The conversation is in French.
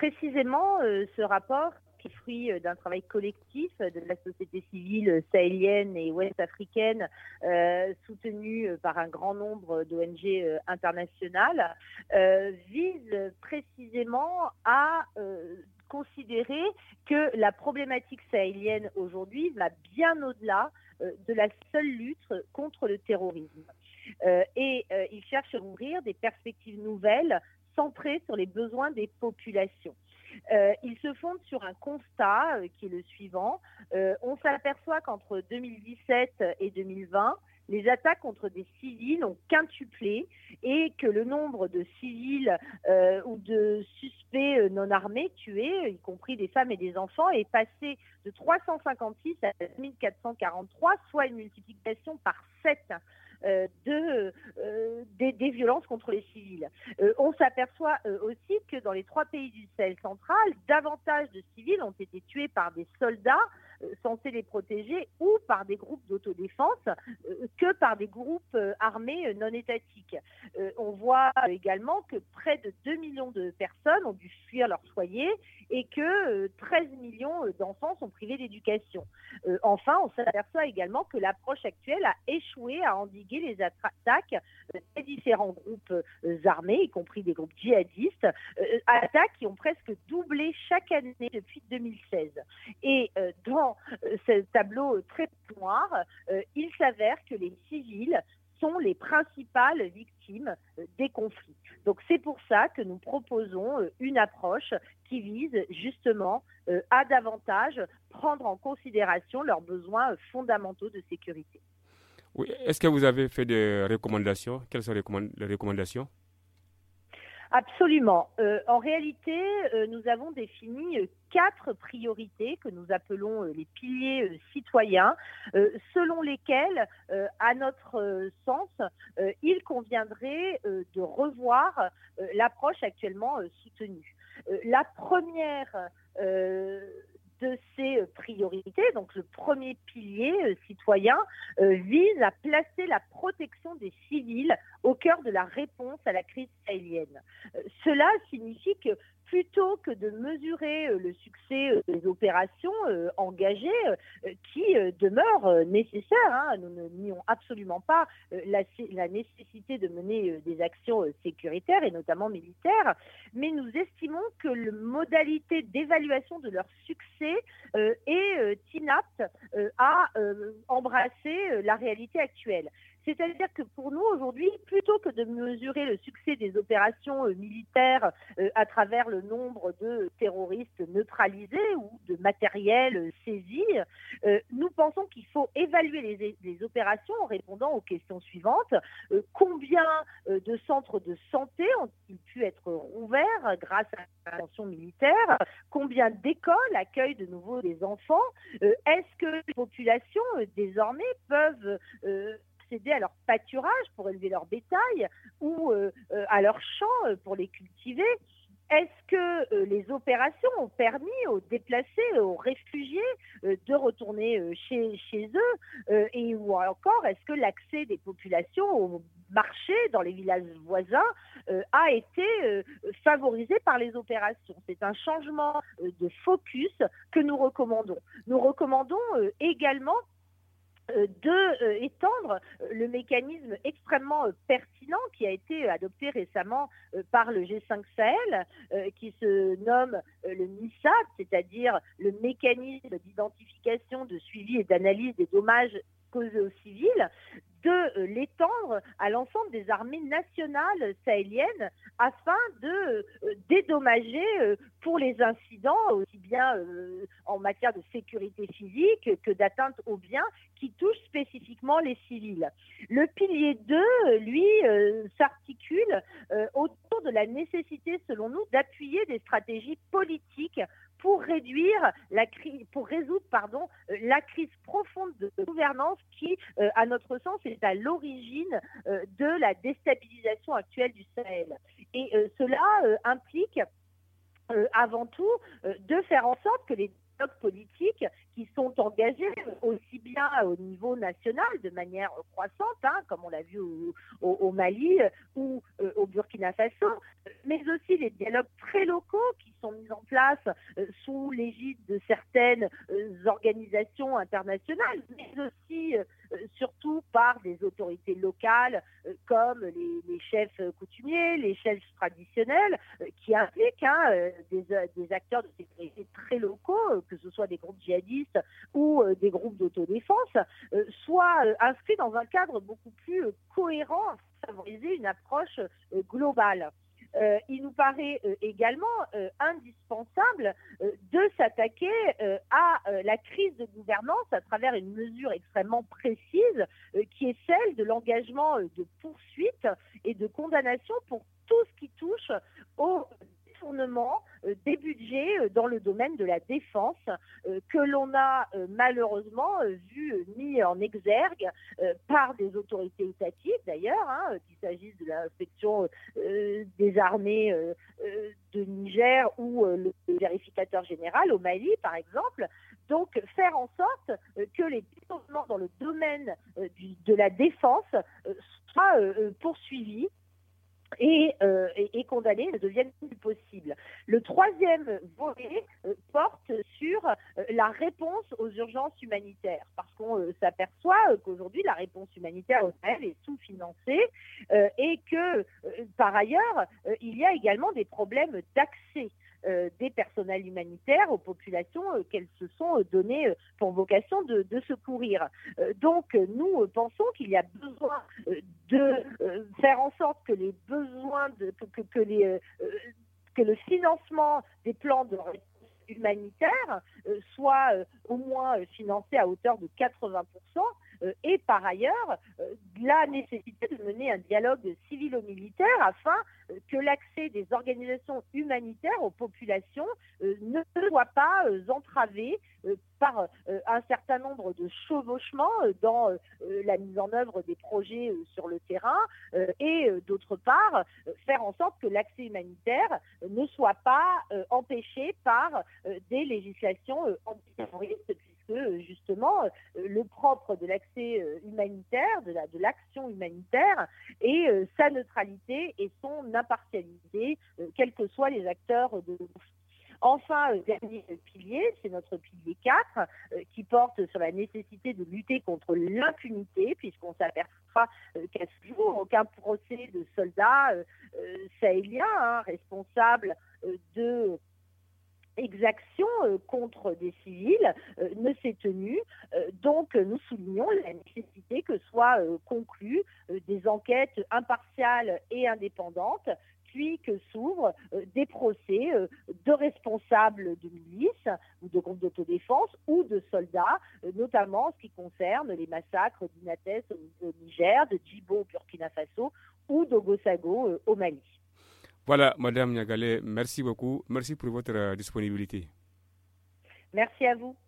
Précisément, euh, ce rapport, qui est fruit euh, d'un travail collectif euh, de la société civile sahélienne et ouest-africaine, soutenu par un grand nombre d'ONG internationales, vise précisément à considérer que la problématique sahélienne aujourd'hui va bien au-delà de la seule lutte contre le terrorisme. et il cherche à ouvrir des perspectives nouvelles centré sur les besoins des populations. Euh, il se fonde sur un constat euh, qui est le suivant. Euh, on s'aperçoit qu'entre 2017 et 2020, les attaques contre des civils ont quintuplé et que le nombre de civils ou de suspects non armés tués, y compris des femmes et des enfants, est passé de 356 à 1443, soit une multiplication par 7. Euh, de, euh, des, violences contre les civils. Euh, on s'aperçoit aussi que dans les trois pays du Sahel central, davantage de civils ont été tués par des soldats censés les protéger ou par des groupes d'autodéfense que par des groupes armés non étatiques. on voit également que près de 2 millions de personnes ont dû fuir leur foyer et que 13 euh, millions euh, d'enfants sont privés d'éducation. Euh, enfin, on s'aperçoit également que l'approche actuelle a échoué à endiguer les attaques des différents groupes armés, y compris des groupes djihadistes, attaques qui ont presque doublé chaque année depuis 2016. Et dans ce tableau très noir, il s'avère que les civils sont les principales victimes euh, des conflits. Donc c'est pour ça que nous proposons euh, une approche qui vise justement euh, à davantage prendre en considération leurs besoins fondamentaux de sécurité. Oui. Est-ce que vous avez fait des recommandations Quelles sont les recommandations Absolument. Euh, en réalité, euh, nous avons défini euh, quatre priorités que nous appelons les piliers citoyens, selon lesquels, à notre sens, il conviendrait de revoir l'approche actuellement soutenue. La première de ces euh, priorités, donc le premier pilier euh, citoyen, euh, vise à placer la protection des civils au cœur de la réponse à la crise sahélienne. cela signifie que plutôt que de mesurer le succès des opérations engagées qui demeurent nécessaires, hein, nous ne absolument pas la, la, nécessité de mener des actions sécuritaires et notamment militaires, mais nous estimons que les modalités d'évaluation de leur succès euh, et euh, euh, a inapte à embrasser la réalité actuelle. C'est-à-dire que pour nous, aujourd'hui, plutôt que de mesurer le succès des opérations militaires à travers le nombre de terroristes neutralisés ou de matériel saisi, nous pensons qu'il faut évaluer les, opérations en répondant aux questions suivantes. combien de centres de santé ont être ouvert grâce à l'intervention militaire Combien d'écoles accueillent de nouveau des enfants euh, Est-ce que les populations euh, désormais peuvent céder euh, accéder à leur pâturage pour élever leur bétail ou à leurs champs pour les cultiver euh, les opérations ont permis aux déplacés, aux réfugiés euh, de retourner euh, chez, chez eux Et ou encore, est-ce que l'accès des populations au marché dans les villages voisins a été favorisé par les opérations C'est un changement de focus que nous recommandons. Nous recommandons également euh, de euh, étendre euh, le mécanisme extrêmement pertinent qui a été adopté récemment par le G5 Sahel, qui se nomme le MISAP, c'est-à-dire le mécanisme d'identification, de suivi et d'analyse des dommages causés aux civils, de euh, l'étendre à l'ensemble des armées nationales sahéliennes afin de euh, dédommager euh, pour les incidents, aussi bien en matière de sécurité physique que d'atteinte aux biens qui touchent spécifiquement les civils. Le pilier 2, lui, s'articule autour de la nécessité, selon nous, d'appuyer des stratégies politiques pour réduire la crise, pour résoudre pardon, euh, la crise profonde de gouvernance qui, euh, à notre sens, est à l'origine euh, de la déstabilisation actuelle du Sahel. Et cela implique avant tout de faire en sorte que les politiques qui sont engagés aussi bien au niveau national de manière croissante, hein, comme on l'a vu au, Mali ou au Burkina Faso, mais aussi les dialogues très locaux qui sont mis en place euh, sous l'égide de certaines euh, organisations internationales, mais aussi euh, surtout par des autorités locales comme les, chefs coutumiers, les chefs traditionnels, qui impliquent hein, des, acteurs de sécurité très locaux, que ce soit des groupes djihadistes ou des groupes d'autodéfense, soient inscrits dans un cadre beaucoup plus cohérent favoriser une approche globale. Euh, il nous paraît euh, également euh, indispensable de s'attaquer à la crise de gouvernance à travers une mesure extrêmement précise qui est celle de l'engagement de poursuite et de condamnation pour tout ce qui touche aux euh, des budgets euh, dans le domaine de la défense euh, que l'on a malheureusement vu mis en exergue par des autorités étatiques d'ailleurs, hein, qu'il s'agisse de l'inspection des armées de Niger ou le vérificateur général au Mali par exemple. Donc faire en sorte que les détournements dans le domaine de la défense soient poursuivis euh, et, et, ne deviennent plus possibles. Le troisième volet euh, porte sur euh, la réponse aux urgences humanitaires, parce qu'on s'aperçoit qu'aujourd'hui, la réponse humanitaire au Sahel est sous-financée et que, par ailleurs, il y a également des problèmes d'accès euh, des personnels humanitaires aux populations euh, qu'elles se sont euh, données pour vocation de, secourir. donc nous pensons qu'il y a besoin de faire en sorte que les besoins, que, le financement des plans de humanitaire soit au moins financé à hauteur de 80%, euh, et par ailleurs euh, la nécessité de mener un dialogue civilo-militaire afin euh, que l'accès des organisations humanitaires aux populations ne soit pas entravé par un certain nombre de chevauchements dans la mise en œuvre des projets sur le terrain et d'autre part faire en sorte que l'accès humanitaire ne soit pas empêché par des législations antiterroristes justement euh, le propre de l'accès euh, humanitaire, de, l'action humanitaire, et euh, sa neutralité et son impartialité, quels que soient les acteurs de Enfin, dernier pilier, c'est notre pilier 4, qui porte sur la nécessité de lutter contre l'impunité, puisqu'on s'aperçoit qu'à ce jour, aucun procès de soldats sahélien, hein, responsable de exaction euh, contre des civils euh, ne s'est tenue. Euh, donc nous soulignons la nécessité que soient conclues des enquêtes impartiales et indépendantes puis que s'ouvrent des procès de responsables de milices ou de groupes d'autodéfense ou de soldats, notamment en ce qui concerne les massacres d'Inates au, Niger, de Djibo au Burkina Faso ou d'Ogosago au Mali. Voilà, Madame Niagale, merci beaucoup. Merci pour votre euh, disponibilité. Merci à vous.